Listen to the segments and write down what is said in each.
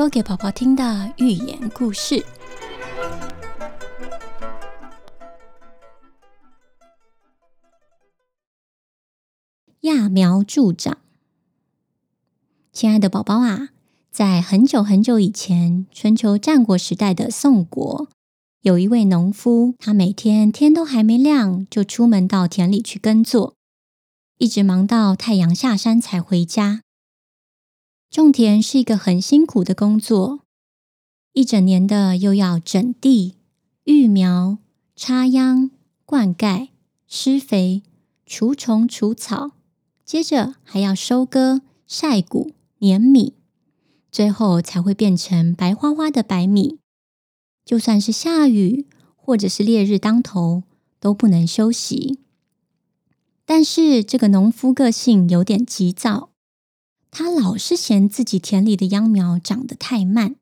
說給寶寶聽的寓言故事：揠苗助長。親愛的寶寶啊，在很久很久以前，春秋戰國時代的宋國，有一位農夫，他每天天都還沒亮就出門到田裡去耕作，一直忙到太陽下山才回家。種田是一個很辛苦的工作，一整年的又要整地、育苗、插秧、灌溉、施肥、除蟲除草，接着還要收割、曬穀、碾米，最後才會變成白花花的白米。就算是下雨或者是烈日當頭，都不能休息。但是這個農夫個性有點急躁。他老是嫌自己田裡的秧苗長得太慢。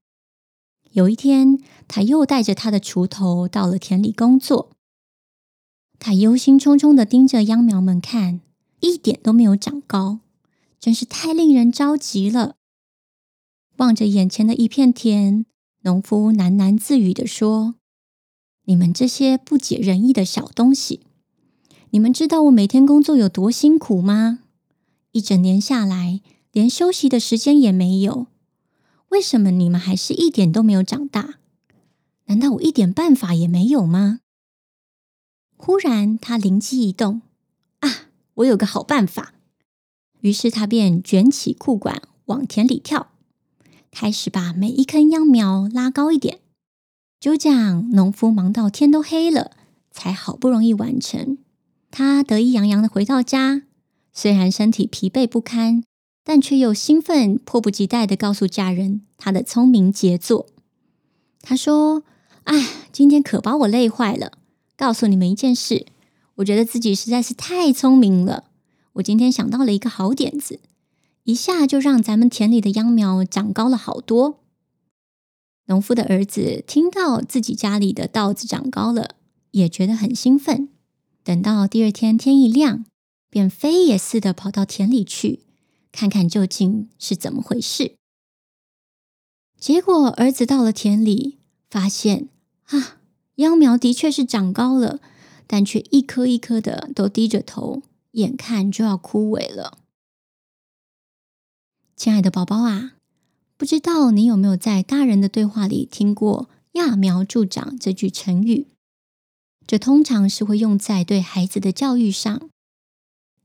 有一天，他又帶着他的鋤頭到了田裡工作。他憂心忡忡地盯着秧苗們看，一點都沒有長高，真是太令人着急了。望着眼前的一片田，農夫喃喃自語地說：“你們這些不解人意的小東西，你們知道我每天工作有多辛苦嗎？一整年下來。”連休息的時間也沒有，為什麼你們還是一點都沒有長大？難道我一點辦法也沒有嗎？忽然，他靈機一動，啊，我有個好辦法！於是他便捲起褲管往田裡跳，開始把每一棵秧苗拉高一點。就這樣，農夫忙到天都黑了，才好不容易完成。他得意洋洋地回到家，雖然身體疲憊不堪。但卻又興奮、迫不及待的告訴家人他的聰明傑作。他說：“啊，今天可把我累壞了！告訴你們一件事，我覺得自己實在是太聰明了。我今天想到了一個好點子，一下就讓咱們田裡的秧苗長高了好多。”農夫的兒子聽到自己家裡的稻子長高了，也覺得很興奮。等到第二天天一亮，便飛也似的跑到田裡去。看看究竟是怎麼回事。結果，兒子到了田裡，發現啊，秧苗的確是長高了，但卻一棵一棵的都低着頭，眼看就要枯萎了。親愛的寶寶啊，不知道你有沒有在大人的對話裡聽過“揠苗助長”這句成語？這通常是會用在對孩子的教育上。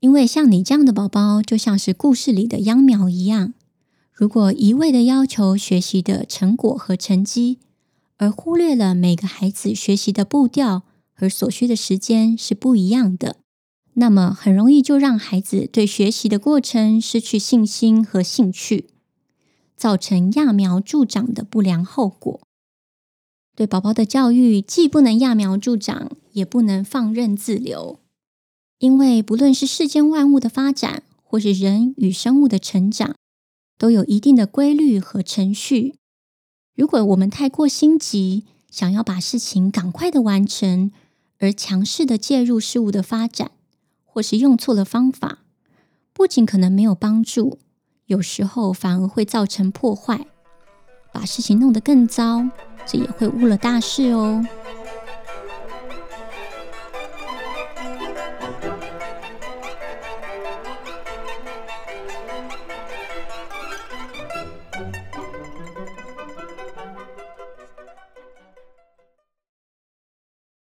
因為像你這樣的寶寶，就像是故事裡的秧苗一樣。如果一味的要求學習的成果和成績，而忽略了每個孩子學習的步調和所需的時間是不一樣的，那麼很容易就讓孩子對學習的過程失去信心和興趣，造成揠苗助長的不良後果。對寶寶的教育，既不能揠苗助長，也不能放任自流。因為不論是世間萬物的發展，或是人與生物的成長，都有一定的規律和程序。如果我們太過心急，想要把事情趕快的完成，而強勢的介入事物的發展，或是用錯了方法，不僅可能沒有幫助，有時候反而會造成破壞，把事情弄得更糟，這也會誤了大事哦。